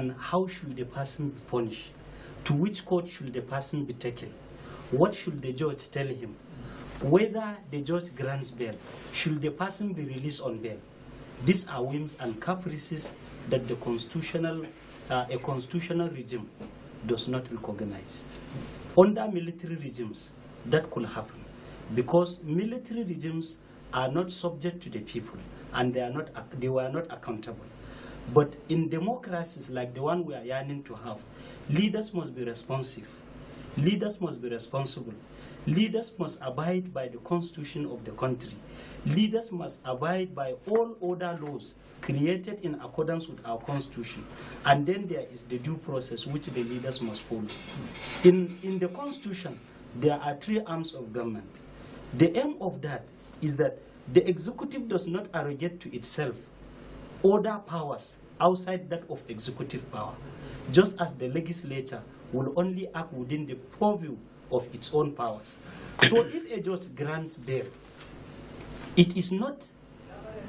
And how should the person be punished? To which court should the person be taken? What should the judge tell him? Whether the judge grants bail, should the person be released on bail? These are whims and caprices that the constitutional, uh, a constitutional regime does not recognize. Under military regimes, that could happen because military regimes are not subject to the people and they, are not, they were not accountable. But in democracies like the one we are yearning to have, leaders must be responsive. Leaders must be responsible. Leaders must abide by the constitution of the country. Leaders must abide by all other laws created in accordance with our constitution. And then there is the due process which the leaders must follow. In, in the constitution, there are three arms of government. The aim of that is that the executive does not arrogate to itself other powers outside that of executive power, just as the legislature will only act within the purview of its own powers. So if a judge grants bail, it is not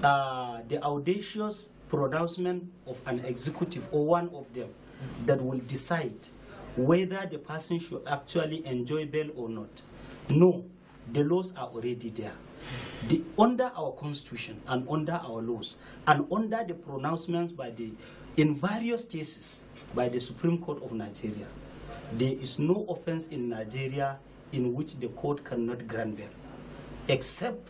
uh, the audacious pronouncement of an executive or one of them that will decide whether the person should actually enjoy bail or not. No, the laws are already there. The, under our constitution and under our laws and under the pronouncements by the, in various cases by the Supreme Court of Nigeria, there is no offense in Nigeria in which the court cannot grant bail, except,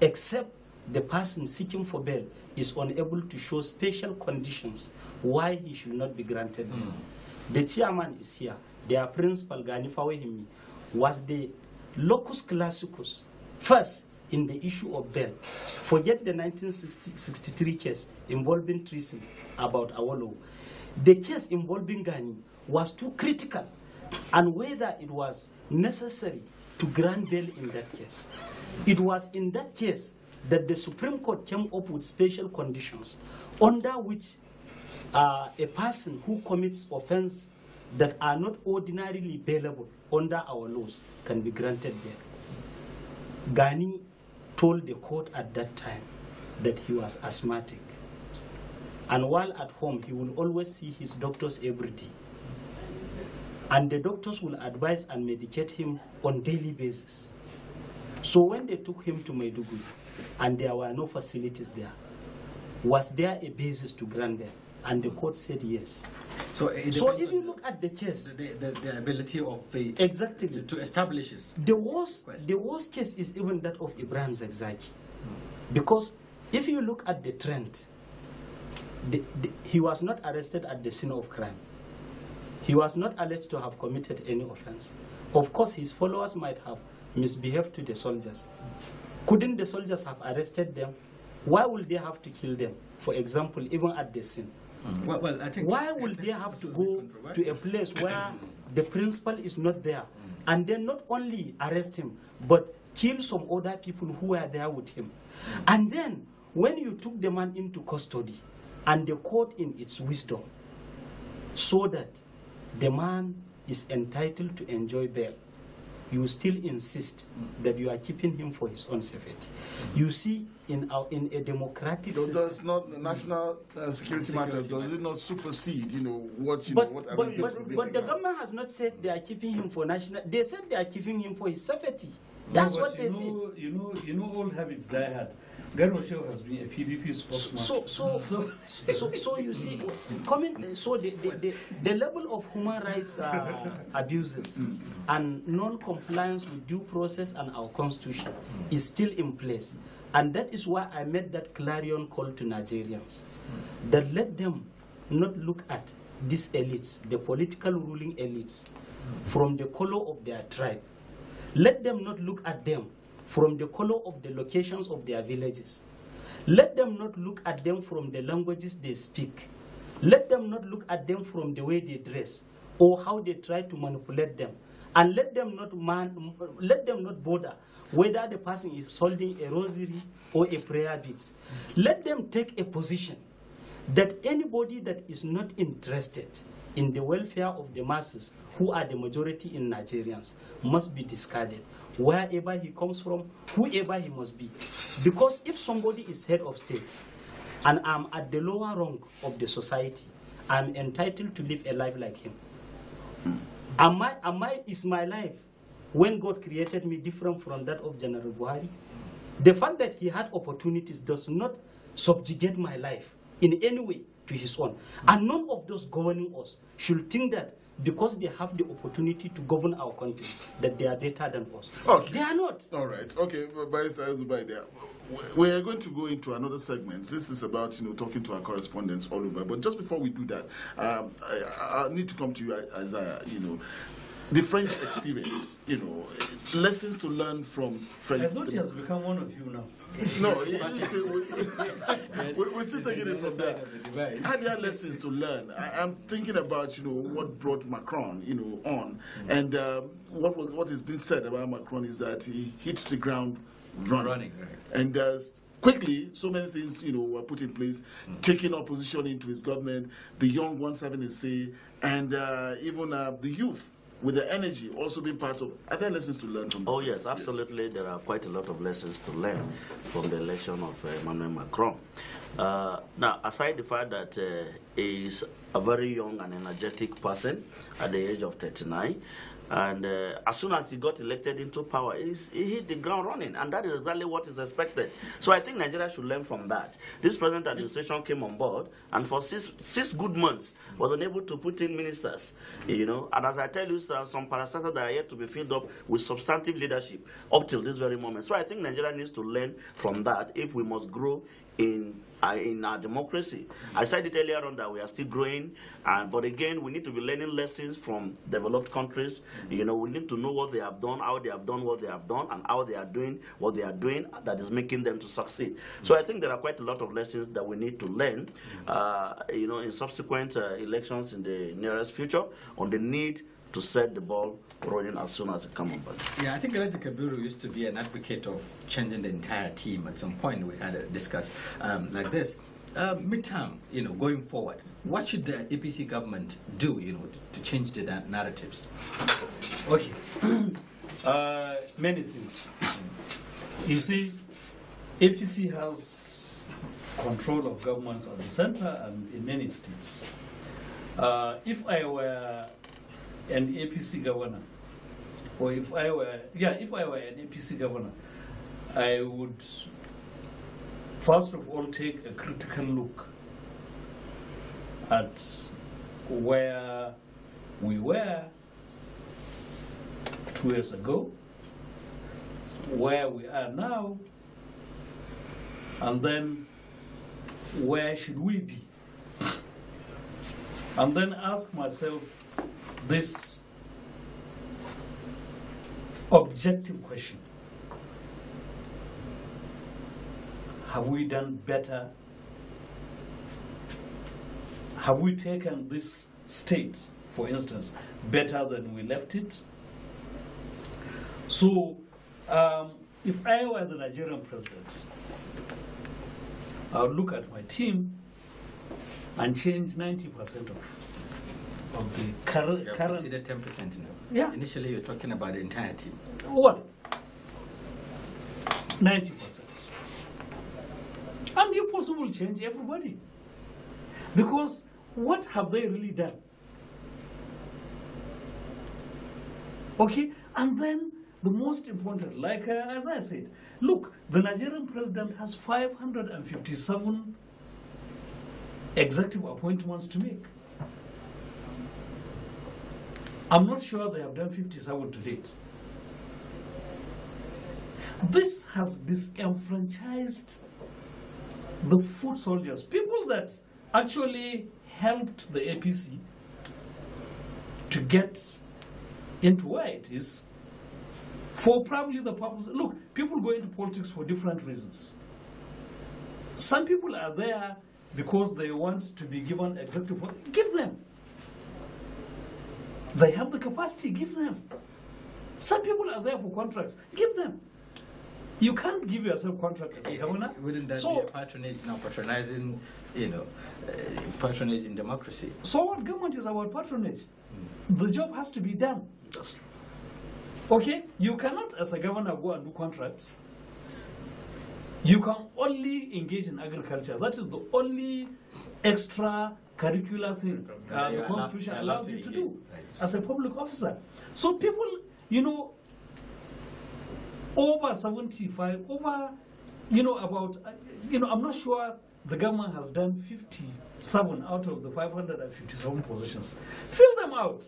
except the person seeking for bail is unable to show special conditions why he should not be granted bail. Mm. The chairman is here. Their principal, Gani was the locus classicus. First, in the issue of bail. Forget the 1963 case involving treason about Awolowo. The case involving Ghani was too critical and whether it was necessary to grant bail in that case. It was in that case that the Supreme Court came up with special conditions under which uh, a person who commits offense that are not ordinarily bailable under our laws can be granted bail. Ghani told the court at that time that he was asthmatic. And while at home, he would always see his doctors every day. And the doctors will advise and medicate him on daily basis. So when they took him to Maiduguri, and there were no facilities there, was there a basis to grant them? And the court said yes. So, so if you look at the case, the, the, the ability of the exactly to, to establish this. The worst, the worst case is even that of Ibrahim Zagzaki, because if you look at the trend, the, the, he was not arrested at the scene of crime. He was not alleged to have committed any offense. Of course, his followers might have misbehaved to the soldiers. Couldn't the soldiers have arrested them? Why would they have to kill them? For example, even at the scene. Mm. Well, well, I think Why will they have to go to a place where mm. the principal is not there? Mm. And then not only arrest him, but kill some other people who were there with him. Mm. And then when you took the man into custody, and the court in its wisdom, so that the man is entitled to enjoy bail you still insist that you are keeping him for his own safety. You see, in, our, in a democratic does, system... Does not national uh, security, security matters, matters, does it not supersede, you know, what, you but, know, what... But, but, but the government has not said they are keeping him for national... They said they are keeping him for his safety. That's no, what they know, say. You know, you know, all habits die hard. Garwashew has been a PDP spokesman. So, so, so, so, so you see, coming. so the, the, the, the, level of human rights uh, abuses mm. and non-compliance with due process and our constitution is still in place. And that is why I made that clarion call to Nigerians, that let them not look at these elites, the political ruling elites, from the color of their tribe. Let them not look at them from the color of the locations of their villages. Let them not look at them from the languages they speak. Let them not look at them from the way they dress or how they try to manipulate them. And let them not, man, let them not bother whether the person is holding a rosary or a prayer beads. Let them take a position that anybody that is not interested in the welfare of the masses who are the majority in Nigerians must be discarded wherever he comes from, whoever he must be. Because if somebody is head of state and I'm at the lower rung of the society, I'm entitled to live a life like him. Am I, am I, is my life, when God created me, different from that of General Buhari? The fact that he had opportunities does not subjugate my life in any way to his own. And none of those governing us should think that because they have the opportunity to govern our country, that they are better than us. Okay. They are not. All right. Okay, Barrister Azubai there. We are going to go into another segment. This is about, you know, talking to our correspondents all over. But just before we do that, um, I, I, need to come to you, Isaiah, you know the French experience, you know, lessons to learn from French. I thought he has become one of you now. no, it's, we, we're still taking it from there. The Had there lessons to learn? I, am thinking about, you know, what brought Macron, you know, on. Mm -hmm. And um, what, was, what has been said about Macron is that he hits the ground running. running right. And uh, quickly, so many things, you know, were put in place, mm. taking opposition into his government, the young ones having a say, and uh, even uh, the youth with the energy also being part of are there lessons to learn from this oh yes experience? absolutely there are quite a lot of lessons to learn from the election of uh, emmanuel macron uh, now aside the fact that uh, he is a very young and energetic person at the age of 39 and uh, as soon as he got elected into power, he hit the ground running. And that is exactly what is expected. So I think Nigeria should learn from that. This present administration came on board, and for six, six good months, was unable to put in ministers. You know, And as I tell you, there are some parastatals that are yet to be filled up with substantive leadership up till this very moment. So I think Nigeria needs to learn from that if we must grow in uh, in our democracy. I said it earlier on that we are still growing, and, but again, we need to be learning lessons from developed countries. You know, we need to know what they have done, how they have done what they have done, and how they are doing what they are doing that is making them to succeed. So I think there are quite a lot of lessons that we need to learn, uh, you know, in subsequent uh, elections in the nearest future on the need to set the ball rolling as soon as it comes about. Yeah, I think Elijah Kabiru used to be an advocate of changing the entire team. At some point, we had a discuss um, like this. Uh, midterm, you know, going forward, what should the APC government do, you know, to, to change the narratives? Okay. uh, many things. You see, APC has control of governments at the center and in many states. Uh, if I were an APC governor, or if I were, yeah, if I were an APC governor, I would first of all take a critical look at where we were two years ago, where we are now, and then where should we be? And then ask myself this objective question. Have we done better? Have we taken this state, for instance, better than we left it? So, um, if I were the Nigerian president, I would look at my team and change 90% of of the current... You have considered 10% now. Yeah. Initially, you're talking about the entirety. What? 90%. And you possible, change everybody. Because what have they really done? Okay, and then the most important, like uh, as I said, look, the Nigerian president has 557 executive appointments to make. I'm not sure they have done 50,000 to date. This has disenfranchised the foot soldiers, people that actually helped the APC to get into where it is for probably the purpose. Look, people go into politics for different reasons. Some people are there because they want to be given executive. Give them. They have the capacity, give them. Some people are there for contracts, give them. You can't give yourself contract as a eh, governor. Eh, wouldn't that so, be a patronage now, patronizing, you know, uh, patronage in democracy? So what government is about patronage? Mm. The job has to be done. That's true. Okay, you cannot as a governor go and do contracts. You can only engage in agriculture. That is the only extra curricular thing uh, the Constitution allows you to do as a public officer. So people, you know, over 75, over, you know, about, uh, you know, I'm not sure the government has done 57 out of the 557 positions. Fill them out.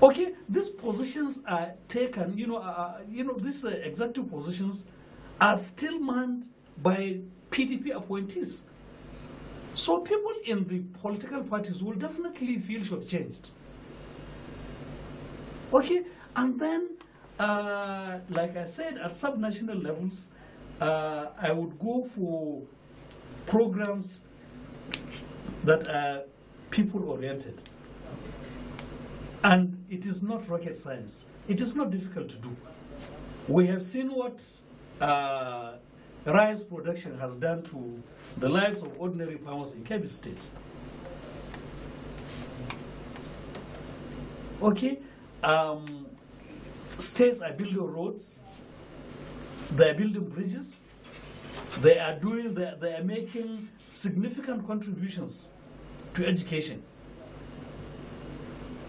Okay, these positions are taken, you know, uh, uh you know, these uh, executive positions are still manned by PDP appointees. So people in the political parties will definitely feel shortchanged. Okay, and then, uh, like I said, at subnational levels, uh, I would go for programs that are people-oriented. And it is not rocket science. It is not difficult to do. We have seen what uh, rice production has done to the lives of ordinary farmers in Kebbi State. Okay, um, states are building roads, they are building bridges, they are doing, they, they are making significant contributions to education.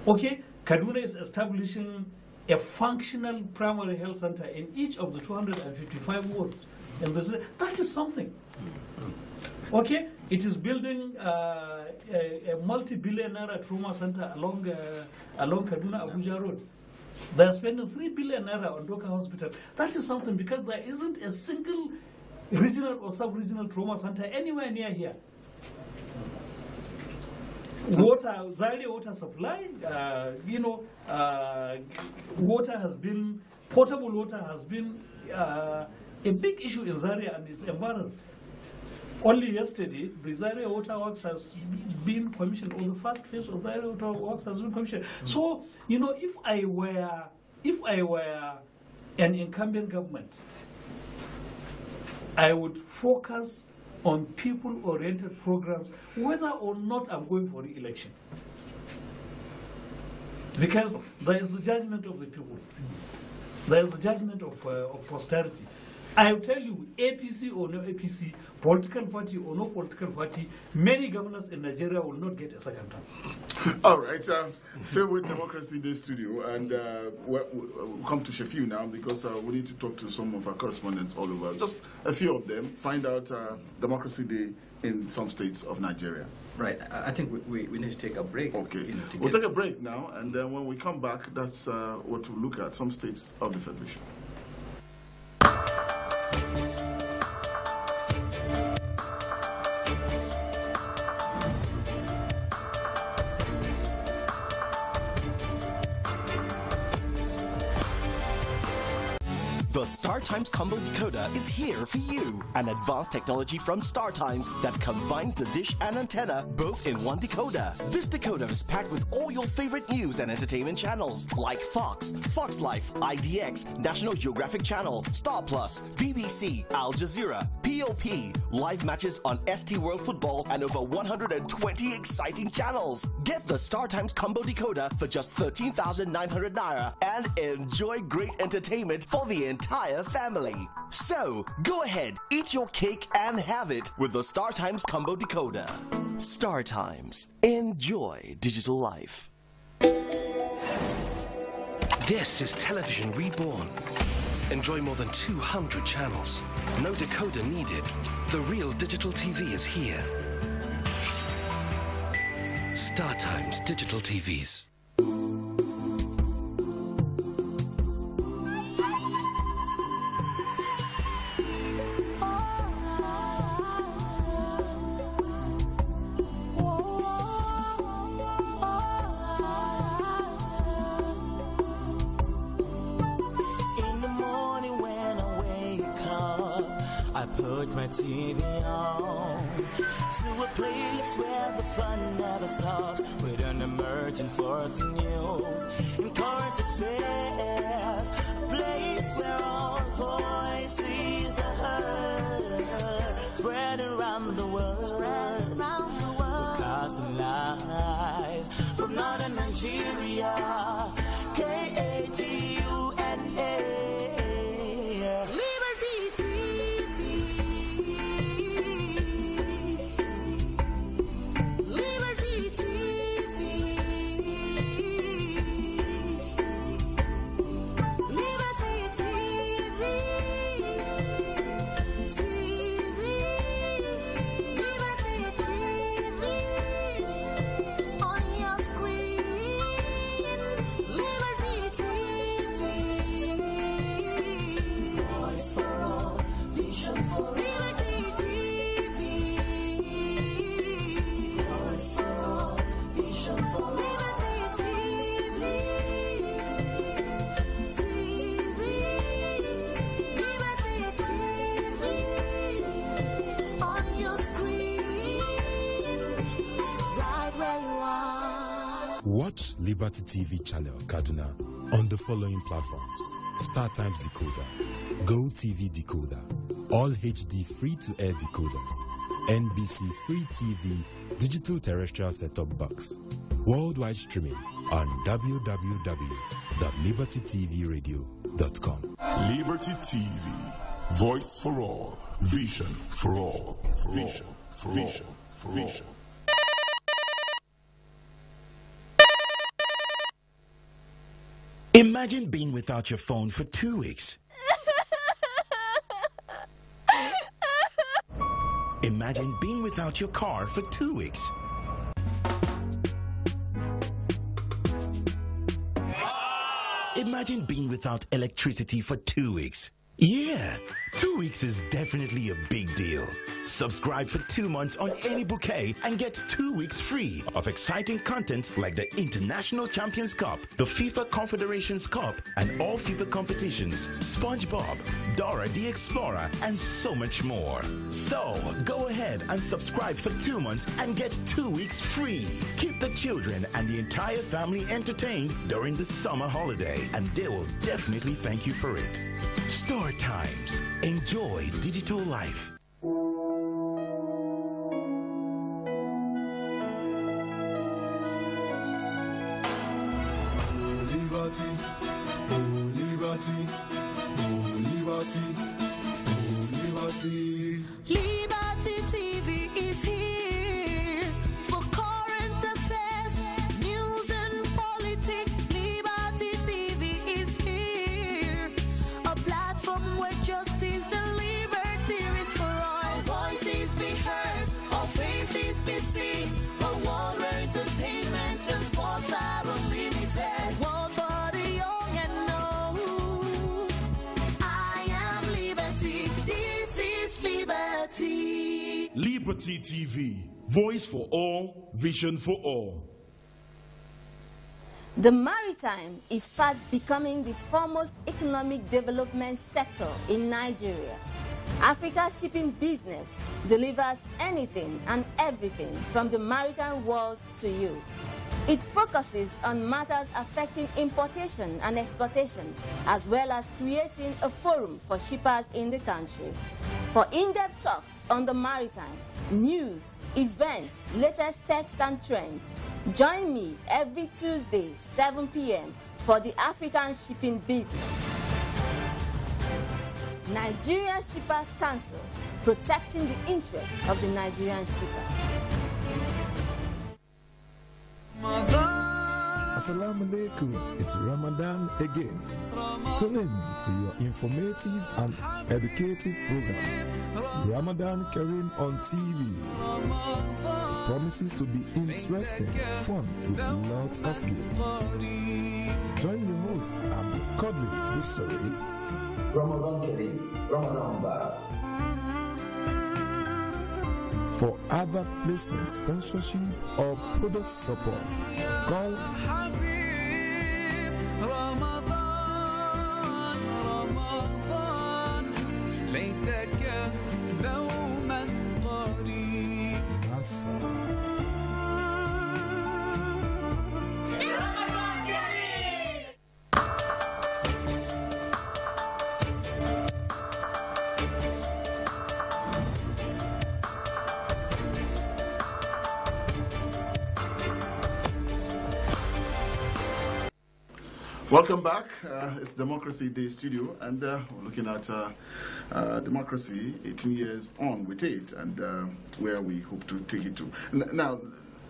Okay, Kaduna is establishing a functional primary health center in each of the 255 wards and this that is something. Okay, it is building uh, a, a multi-billionaire trauma center along uh, along Kaduna Abuja Road. They are spending three billion naira on Doka Hospital. That is something because there isn't a single regional or sub-regional trauma center anywhere near here. Water, Zaire water supply, uh, you know, uh, water has been, potable water has been uh, a big issue in Zaria and its environs. Only yesterday, the Zaria Water Works has been commissioned, or the first phase of Zaria Water Works has been commissioned. Mm. So, you know, if I were, if I were an incumbent government, I would focus on people-oriented programs, whether or not I'm going for re-election. Because there is the judgment of the people. There is the judgment of, uh, of posterity. I will tell you, APC or no APC, political party or no political party, many governors in Nigeria will not get a second term. All right. Uh, so with Democracy Day Studio, and uh, we'll, come to Sheffield now because uh, we need to talk to some of our correspondents all over. Just a few of them, find out uh, Democracy Day in some states of Nigeria. Right. I think we, we, need to take a break. Okay. we'll take a break now, and then when we come back, that's uh, what we'll look at, some states of the Federation. StarTimes Combo Decoder is here for you. An advanced technology from StarTimes that combines the dish and antenna both in one decoder. This decoder is packed with all your favorite news and entertainment channels like Fox, Fox Life, IDX, National Geographic Channel, Star Plus, BBC, Al Jazeera, POP, live matches on ST World Football, and over 120 exciting channels. Get the StarTimes Combo Decoder for just 13,900 Naira and enjoy great entertainment for the entire family family. So, go ahead, eat your cake and have it with the Star Times Combo Decoder. Star Times. Enjoy digital life. This is Television Reborn. Enjoy more than 200 channels. No decoder needed. The real digital TV is here. Star Times Digital TVs. place where the fun never stops with an emerging force in you. And current affairs. Liberty TV channel, Kaduna, on the following platforms Star Times Decoder, Go TV Decoder, All HD Free to Air Decoders, NBC Free TV Digital Terrestrial Setup Box, worldwide streaming on www.libertytvradio.com. Liberty TV, voice for all, vision for all, vision for all, vision for all. Vision. For all. Imagine being without your phone for two weeks. Imagine being without your car for two weeks. Imagine being without electricity for two weeks. Yeah, two weeks is definitely a big deal. Subscribe for two months on any bouquet and get two weeks free of exciting content like the International Champions Cup, the FIFA Confederations Cup, and all FIFA competitions, SpongeBob, Dora the Explorer, and so much more. So, go ahead and subscribe for two months and get two weeks free. Keep the children and the entire family entertained during the summer holiday, and they will definitely thank you for it. Store Times. Enjoy digital life. for all. The maritime is fast becoming the foremost economic development sector in Nigeria. Africa's shipping business delivers anything and everything from the maritime world to you. It focuses on matters affecting importation and exportation, as well as creating a forum for shippers in the country. For in-depth talks on the maritime, news, events, latest techs and trends. Join me every Tuesday, 7 p.m. for the African shipping business. Nigeria Shippers Council, protecting the interests of the Nigerian shippers. Assalamu alaikum, it's Ramadan again. Tune in to your informative and educative program. Ramadan Kareem on TV promises to be interesting, fun, with lots of gifts. Join your host, Abu Qadri Busari. Ramadan Kareem, Ramadan Bar. For advert placement, sponsorship, or product support, call Yes. Welcome back. Uh, it's Democracy Day Studio, and uh, we're looking at uh, uh democracy 18 years on with it and uh, where we hope to take it to. now,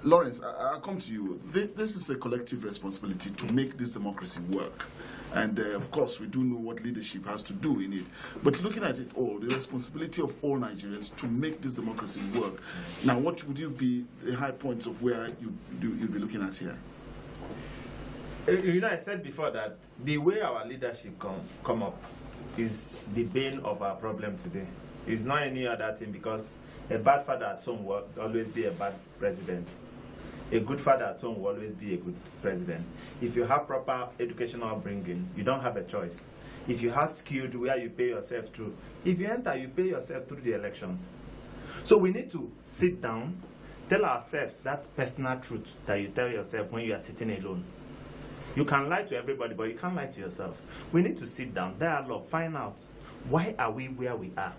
Lawrence, I- will come to you. This, is a collective responsibility to make this democracy work. And uh, of course, we do know what leadership has to do in it. But looking at it all, the responsibility of all Nigerians to make this democracy work. Now, what would you be the high points of where you, you'd be looking at here? You know, I said before that the way our leadership come, come up is the bane of our problem today. It's not any other thing because a bad father at home will always be a bad president. A good father at home will always be a good president. If you have proper educational upbringing, you don't have a choice. If you have skewed where you pay yourself through, if you enter, you pay yourself through the elections. So we need to sit down, tell ourselves that personal truth that you tell yourself when you are sitting alone. You can lie to everybody, but you can't lie to yourself. We need to sit down, dialogue, find out why are we where we are?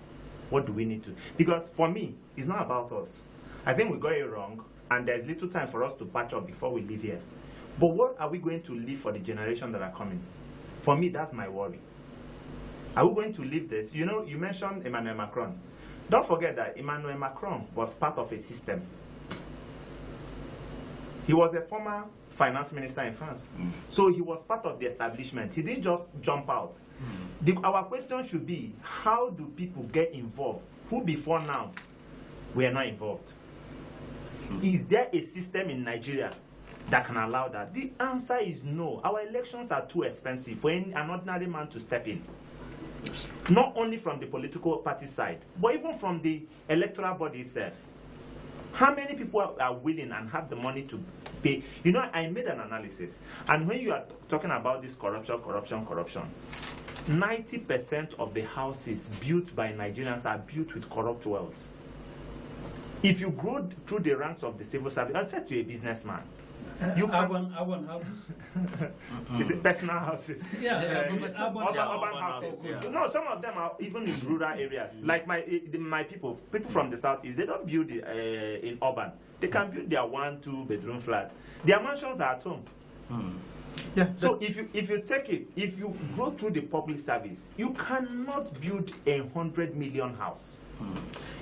What do we need to? Because for me, it's not about us. I think we got it wrong, and there's little time for us to patch up before we leave here. But what are we going to leave for the generation that are coming? For me, that's my worry. Are we going to leave this? You know, you mentioned Emmanuel Macron. Don't forget that Emmanuel Macron was part of a system. He was a former finance minister in France. Mm. So he was part of the establishment. He didn't just jump out. Mm. The, our question should be, how do people get involved who before now were not involved? Mm. Is there a system in Nigeria that can allow that? The answer is no. Our elections are too expensive for any, an ordinary man to step in. Not only from the political party side, but even from the electoral body itself. How many people are willing and have the money to pay? You know, I made an analysis. And when you are talking about this corruption, corruption, corruption, 90% of the houses built by Nigerians are built with corrupt wealth. If you grow through the ranks of the civil service, I said to a businessman, uh, you urban, urban houses? Is it personal houses? Yeah, yeah, Urban, yeah, houses. no, some of them are even in rural areas. Mm. Like my eh, my people, people from the southeast, they don't build uh, in urban. They can build their one, two bedroom flat. Their mansions are at home. Mm. Yeah. So if you if you take it, if you go through the public service, you cannot build a hundred million house.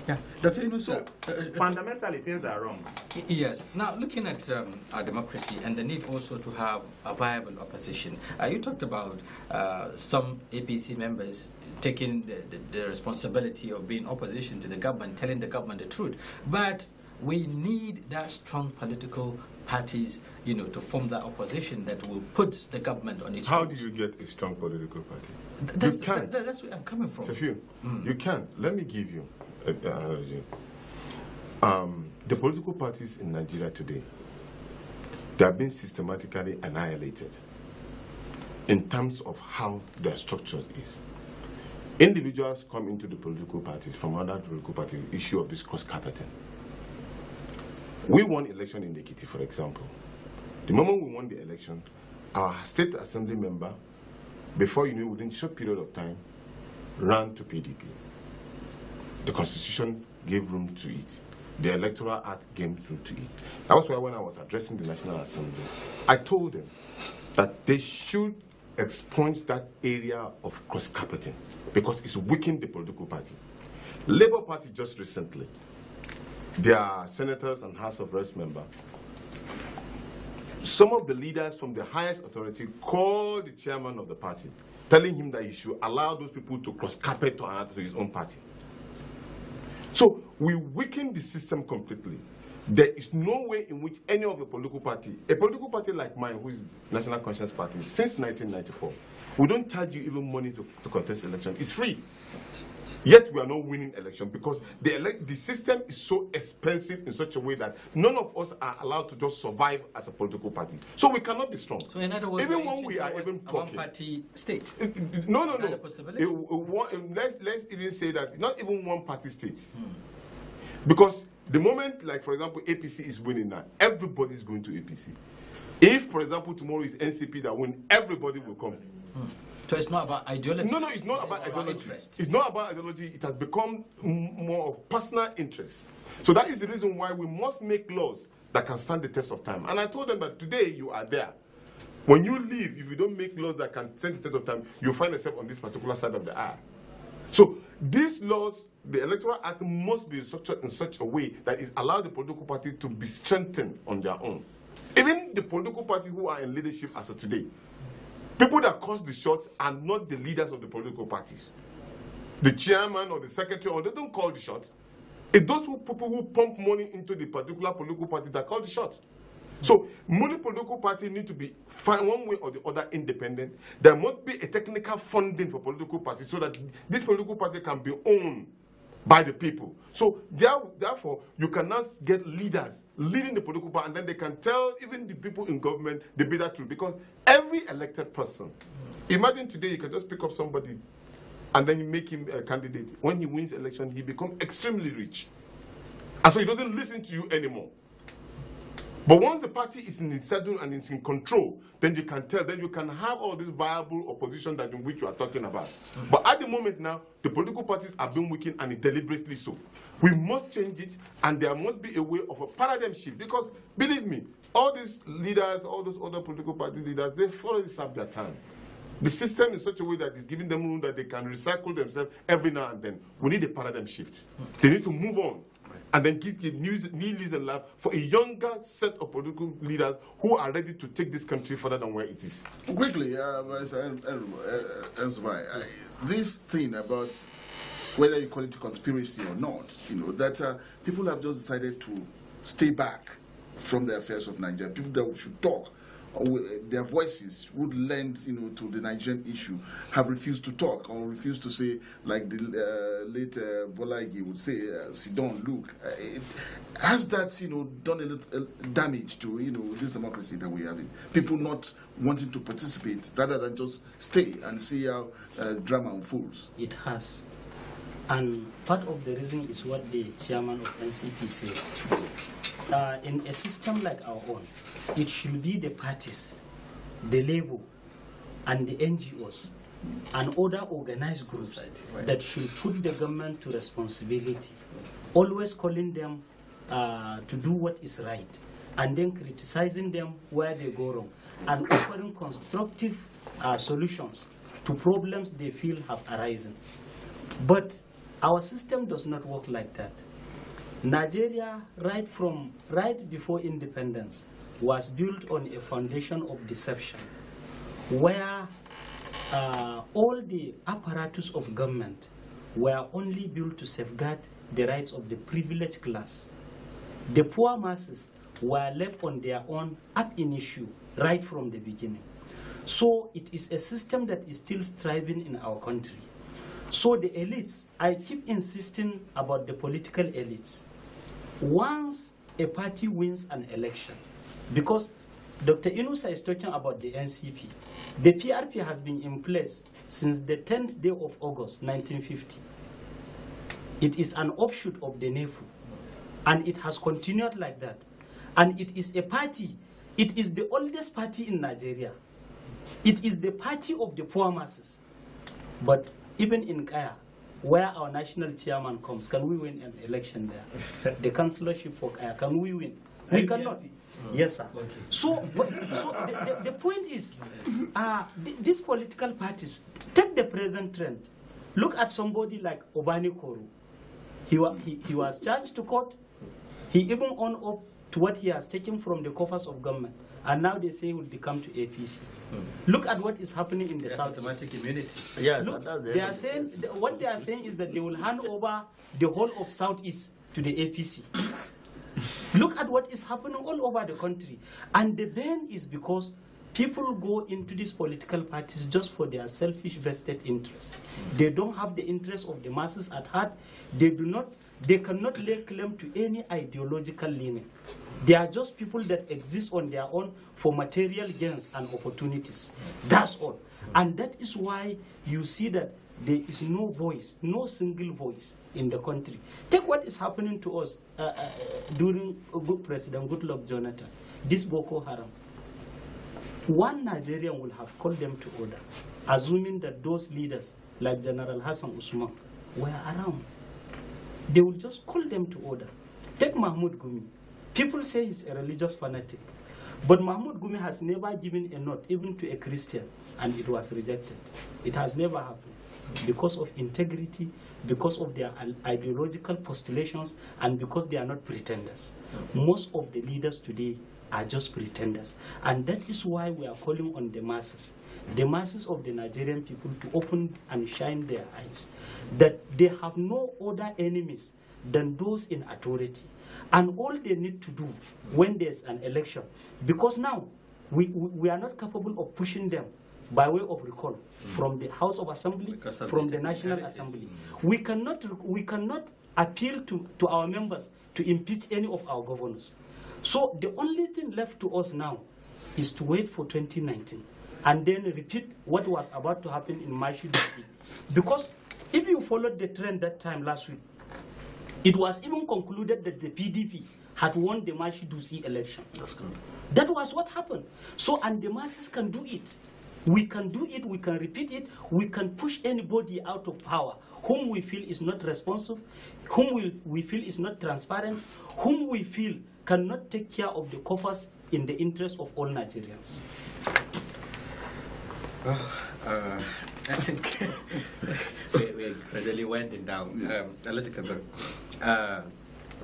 Yeah, Dr. Inu, uh, uh, fundamentally things are wrong. Yes. Now, looking at um, our democracy and the need also to have a viable opposition, uh, you talked about uh, some APC members taking the, the, the responsibility of being opposition to the government, telling the government the truth. But we need that strong political parties, you know, to form that opposition that will put the government on its How route. do you get a strong political party? That's, you can't. that's where I'm coming from. Sophia, mm. you can't. Let me give you an analogy. Um, the political parties in Nigeria today, they are being systematically annihilated in terms of how their structure is. Individuals come into the political parties from other political parties, issue of this cross-carpeting. We won election in Ekiti, for example. The moment we won the election, our state assembly member before you knew, within short period of time, ran to PDP. The Constitution gave room to it. The Electoral Act gave room to it. That was why when I was addressing the National Assembly, I told them that they should expunge that area of cross-carpeting because it's weakened the political party. Labour Party just recently, their senators and House of Reps member some of the leaders from the highest authority called the chairman of the party, telling him that he should allow those people to cross carpet to, another, to his own party. So we weaken the system completely. There is no way in which any of the political party, a political party like mine, who is National Conscience Party, since 1994, we don't charge you even money to, to contest election. It's free. Yet we are not winning election because the, ele the system is so expensive in such a way that none of us are allowed to just survive as a political party. So we cannot be strong. So in other words, even when we are even talking, party state. Eh, eh, no, no, no. Eh, let's let's even say that not even one party states, mm. because the moment, like for example, APC is winning now, everybody is going to APC. If, for example, tomorrow is NCP that win, everybody will come. So it's not about ideology. No, no, it's not it's about ideology. Interest. It's not about ideology. It has become more of personal interest. So that is the reason why we must make laws that can stand the test of time. And I told them that today you are there. When you leave, if you don't make laws that can stand the test of time, you find yourself on this particular side of the aisle. So these laws, the Electoral Act must be structured in such a way that it allows the political parties to be strengthened on their own. Even the political party who are in leadership as of today, people that cause the shots are not the leaders of the political parties. The chairman or the secretary, or they don't call the shots. It's those who, people who pump money into the particular political party that call the shots. So many political parties need to be find one way or the other independent. There must be a technical funding for political parties so that this political party can be owned by the people. So therefore, you cannot get leaders leading the political party, and then they can tell even the people in government the bitter truth. Because every elected person, imagine today you can just pick up somebody, and then you make him a candidate. When he wins election, he becomes extremely rich, and so he doesn't listen to you anymore. But once the party is in saddle and is in control, then you can tell, then you can have all this viable opposition that in which you are talking about. But at the moment now, the political parties have been weakened and deliberately so. We must change it, and there must be a way of a paradigm shift. Because believe me, all these leaders, all those other political party leaders, they thoroughly serve their time. The system is such a way that it's giving them room that they can recycle themselves every now and then. We need a paradigm shift. They need to move on and then give the new, new lease and life for a younger set of political leaders who are ready to take this country further than where it is. Quickly, uh, this thing about whether you call it a conspiracy or not, you know, that uh, people have just decided to stay back from the affairs of Nigeria, people that should talk uh, their voices would lend you know, to the Nigerian issue have refused to talk or refused to say, like the uh, late uh, Bolagi would say, uh, Sidon, look. Uh, has that you know, done a little uh, damage to you know, this democracy that we have? In? People not wanting to participate rather than just stay and see how uh, drama unfolds? It has. And part of the reason is what the chairman of NCP said. Uh, in a system like our own, it should be the parties, the labor, and the NGOs, and other organized groups Society, right. that should put the government to responsibility, always calling them uh, to do what is right, and then criticizing them where they go wrong, and offering constructive uh, solutions to problems they feel have arisen. But our system does not work like that. Nigeria, right from right before independence, was built on a foundation of deception, where uh, all the apparatus of government were only built to safeguard the rights of the privileged class. The poor masses were left on their own up in issue right from the beginning. So it is a system that is still striving in our country. So the elites, I keep insisting about the political elites. Once a party wins an election, because Dr. Inusa is talking about the NCP. The PRP has been in place since the 10th day of August 1950. It is an offshoot of the NEFU, and it has continued like that. And it is a party, it is the oldest party in Nigeria. It is the party of the poor masses. But even in Kaya, where our national chairman comes, can we win an election there? the councillorship for Kaya, can we win? We cannot. Yes, sir. So, so the, the, the, point is, uh, these political parties, take the present trend. Look at somebody like Obani Koru. He, wa he, he was charged to court. He even owned up to what he has taken from the coffers of government. And now they say will come to APC. Hmm. Look at what is happening in the yes, South. Automatic immunity. Yes, Look, the they are saying what they are saying is that they will hand over the whole of Southeast to the APC. Look at what is happening all over the country. And the ban is because people go into these political parties just for their selfish vested interest. They don't have the interest of the masses at heart. They do not, they cannot lay claim to any ideological leaning. They are just people that exist on their own for material gains and opportunities. That's all. And that is why you see that there is no voice, no single voice in the country. Take what is happening to us uh, uh, during uh, President Goodluck Jonathan, this Boko Haram. One Nigerian will have called them to order, assuming that those leaders, like General Hassan Usman, were around. They will just call them to order. Take Mahmoud Gumi. People say he's a religious fanatic. But Mahmoud Gumi has never given a note, even to a Christian, and it was rejected. It has never happened because of integrity, because of their ideological postulations, and because they are not pretenders. Most of the leaders today are just pretenders. And that is why we are calling on the masses, the masses of the Nigerian people to open and shine their eyes, that they have no other enemies than those in authority. And all they need to do when there's an election, because now we, we are not capable of pushing them by way of recall mm. from the House of Assembly, of from the National Assembly. Mm. We cannot, we cannot appeal to, to our members to impeach any of our governors. So the only thing left to us now is to wait for 2019 and then repeat what was about to happen in Mashi Because if you followed the trend that time last week, it was even concluded that the PDP had won the Dusi election. That's correct. That was what happened. So, and the masses can do it. We can do it, we can repeat it, we can push anybody out of power whom we feel is not responsive, whom we, we feel is not transparent, whom we feel cannot take care of the coffers in the interest of all Nigerians. uh, I we, we, really went in down um, a little bit. Uh,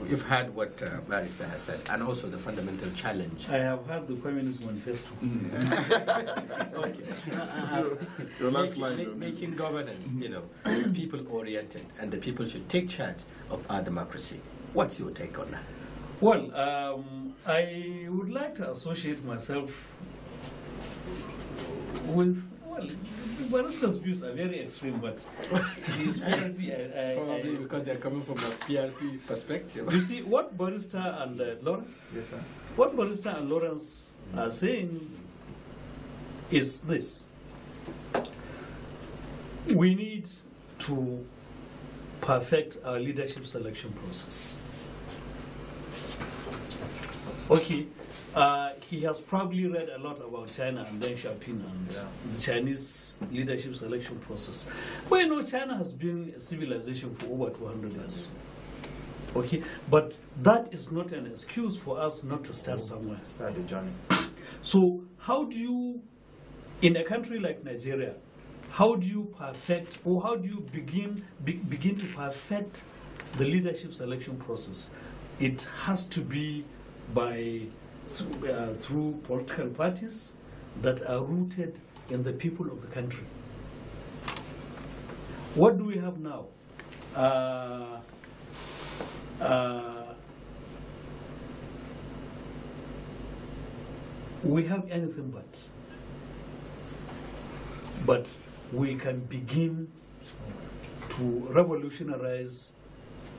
you've heard what uh, Barrister has said, and also the fundamental challenge. I have heard the Communist Manifesto. Mm. okay. Uh, uh, your last line. Make, making governance, mm-hmm. you know, people-oriented, and the people should take charge of our democracy. What's your take on that? Well, um, I would like to associate myself with, well, Barista's views are very extreme, but PRP. I, I, Probably I, because they're coming from a PRP perspective. You see, what Barista and uh, Lawrence? Yes, sir. What Barista and Lawrence are saying is this we need to perfect our leadership selection process. Okay, uh, he has probably read a lot about China and Deng Xiaoping and yeah. the Chinese leadership selection process. Well, you know, China has been a civilization for over 200 years. Okay, but that is not an excuse for us not to start mm. somewhere. Start the journey. So, how do you, in a country like Nigeria, how do you perfect or how do you begin be, begin to perfect the leadership selection process? It has to be by through, uh, through political parties that are rooted in the people of the country. What do we have now? Uh, uh, we have anything but. But we can begin to revolutionize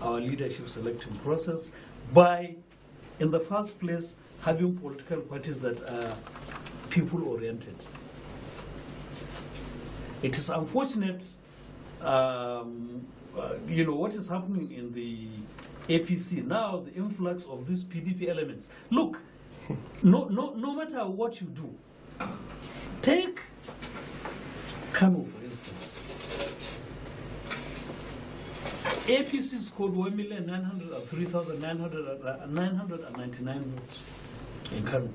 our leadership selection process by, in the first place, having political parties that are people-oriented. It is unfortunate, um, uh, you know, what is happening in the APC now, the influx of these PDP elements. Look, no, no, no matter what you do, take Kanu, for instance. APC scored 1,903,999 uh, votes in Kano.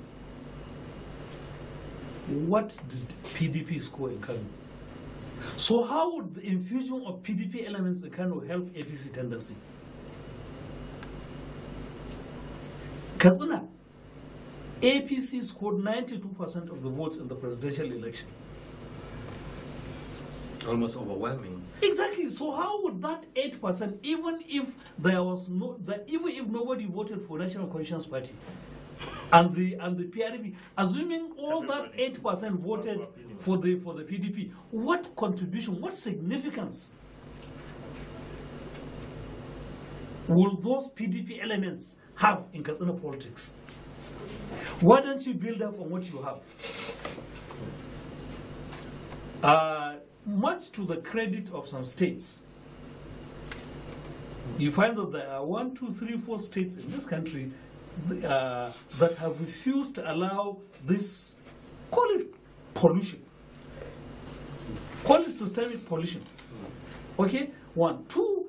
What did PDP score in Kano? So how would the infusion of PDP elements in Kano help APC tendency? Kazuna, APC scored 92% of the votes in the presidential election. Almost overwhelming. Exactly. So how would that 8%, even if there was no, that even if nobody voted for National Conscience Party, and the and the PRP, assuming all Everybody. that eight percent voted for the for the PDP, what contribution, what significance will those PDP elements have in Katsina politics? Why don't you build up on what you have? Uh, much to the credit of some states, you find that there are one, two, three, four states in this country uh, that have refused to allow this, call it pollution, call it systemic pollution. Okay, one. Two,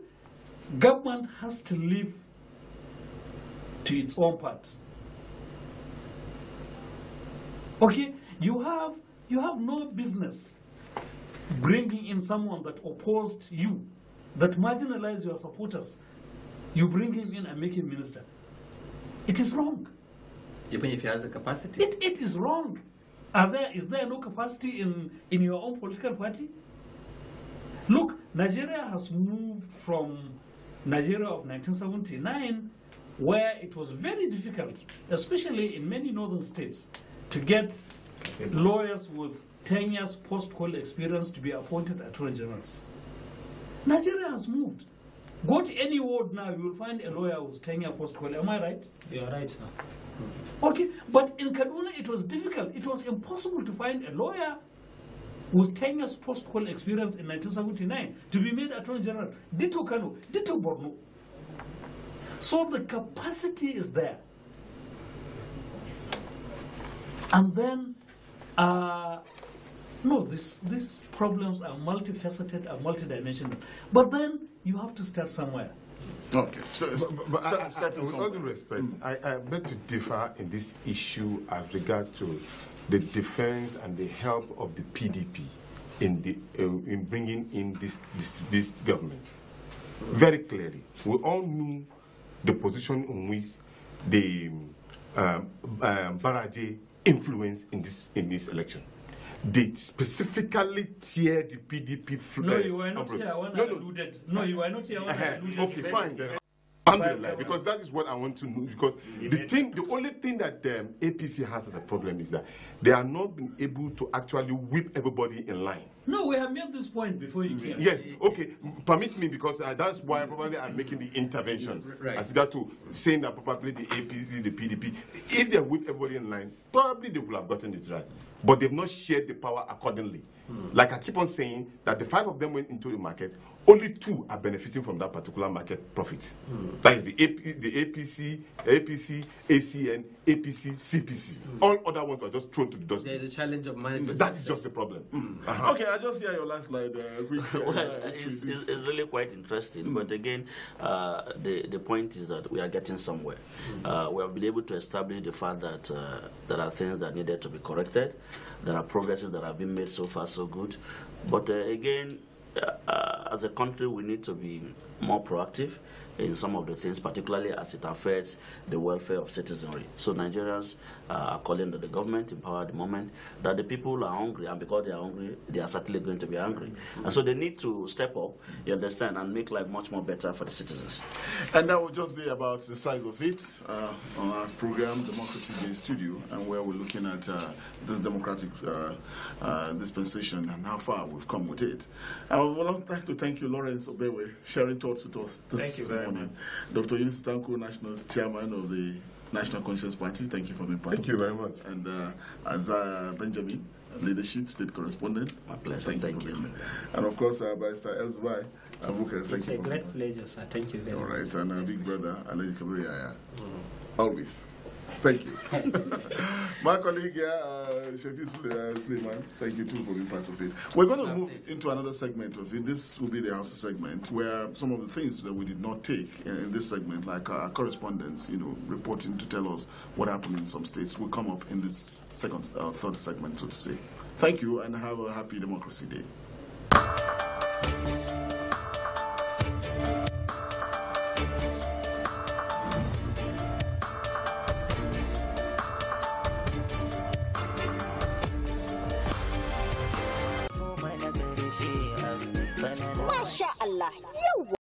government has to live to its own part. Okay, you have, you have no business bringing in someone that opposed you, that marginalized your supporters. You bring him in and make him minister. It is wrong. Even if you have the capacity? It, it is wrong. Are there, is there no capacity in, in your own political party? Look, Nigeria has moved from Nigeria of 1979, where it was very difficult, especially in many northern states, to get lawyers with 10 years post college experience to be appointed attorney generals. Nigeria has moved. Go to any ward now, you will find a lawyer who's carrying post postcode. Am I right? You are right, sir. Okay, but in Kaduna it was difficult. It was impossible to find a lawyer with 10 years post-call experience in 1979 to be made Attorney General. Ditto Kano, ditto Borno. So the capacity is there. And then, uh, no, this, these problems are multifaceted and multidimensional. But then you have to start somewhere. Okay. So, but, but start, I, I, with all due respect, mm. I, I beg to differ in this issue as regard to the defense and the help of the PDP in, the, uh, in bringing in this, this, this government. Very clearly, we all knew the position in which the um, uh, Baraje influence in this, in this election they specifically tear the PDP flag. No, you were not here when no, no. alluded. No, you were not here uh -huh. Okay, fine then. because that is what I want to know. Because the thing, the only thing that um, APC has as a problem is that they are not being able to actually whip everybody in line. No, we have made this point before you came. Yes, okay. Permit me because uh, that's why probably I'm making the interventions. Right. As regard to saying that probably the APC, the PDP, if they with everybody in line, probably they would have gotten it right. But they've not shared the power accordingly. Hmm. Like I keep on saying that the five of them went into the market, only two are benefiting from that particular market profit. Hmm. That is the, AP, the APC, APC, ACN, APC, CPC. Hmm. All other ones are just thrown to the dust. There's a challenge of management. That is just the problem. Uh hmm. -huh. Okay. I just hear your last slide. Uh, well, it's, it's, it's, really quite interesting. Mm. But hmm. again, uh, the the point is that we are getting somewhere. Mm. we have been able to establish the fact that uh, there are things that needed to be corrected. There are progresses that have been made so far, so good. But uh, again, uh, as a country, we need to be more proactive in some of the things, particularly as it affects the welfare of citizenry. So Nigerians uh, calling on the government in power at the moment that the people are hungry, and because they are hungry, they are certainly going to be angry. Mm -hmm. And so they need to step up, you understand, and make life much more better for the citizens. And that will just be about the size of it uh, on our program, Democracy Day Studio, and where we're looking at uh, this democratic uh, uh, dispensation and how far we've come with it. I would like to thank you, Lawrence Obewe, sharing thoughts with us this morning. Much. Dr. Yunus Tanko, National Chairman of the National Conscience Party. Thank you for being part. Thank you very much. And uh, uh, Benjamin, leadership state correspondent. My pleasure. Thank, thank you. you. And of course, uh, Barrister Elsby Abukar. Thank it's you. It's a great pleasure, sir. Thank you very much. All right, much. and uh, big brother Alain Kabuyaya. Mm. Always. Thank you. My colleague here, uh, Shafi uh, Suleiman, thank you too for being part of it. We're going to move into another segment of it. This will be the house segment where some of the things that we did not take in this segment, like our correspondence, you know, reporting to tell us what happened in some states, will come up in this second, uh, third segment, so to say. Thank you and have a happy Democracy Day.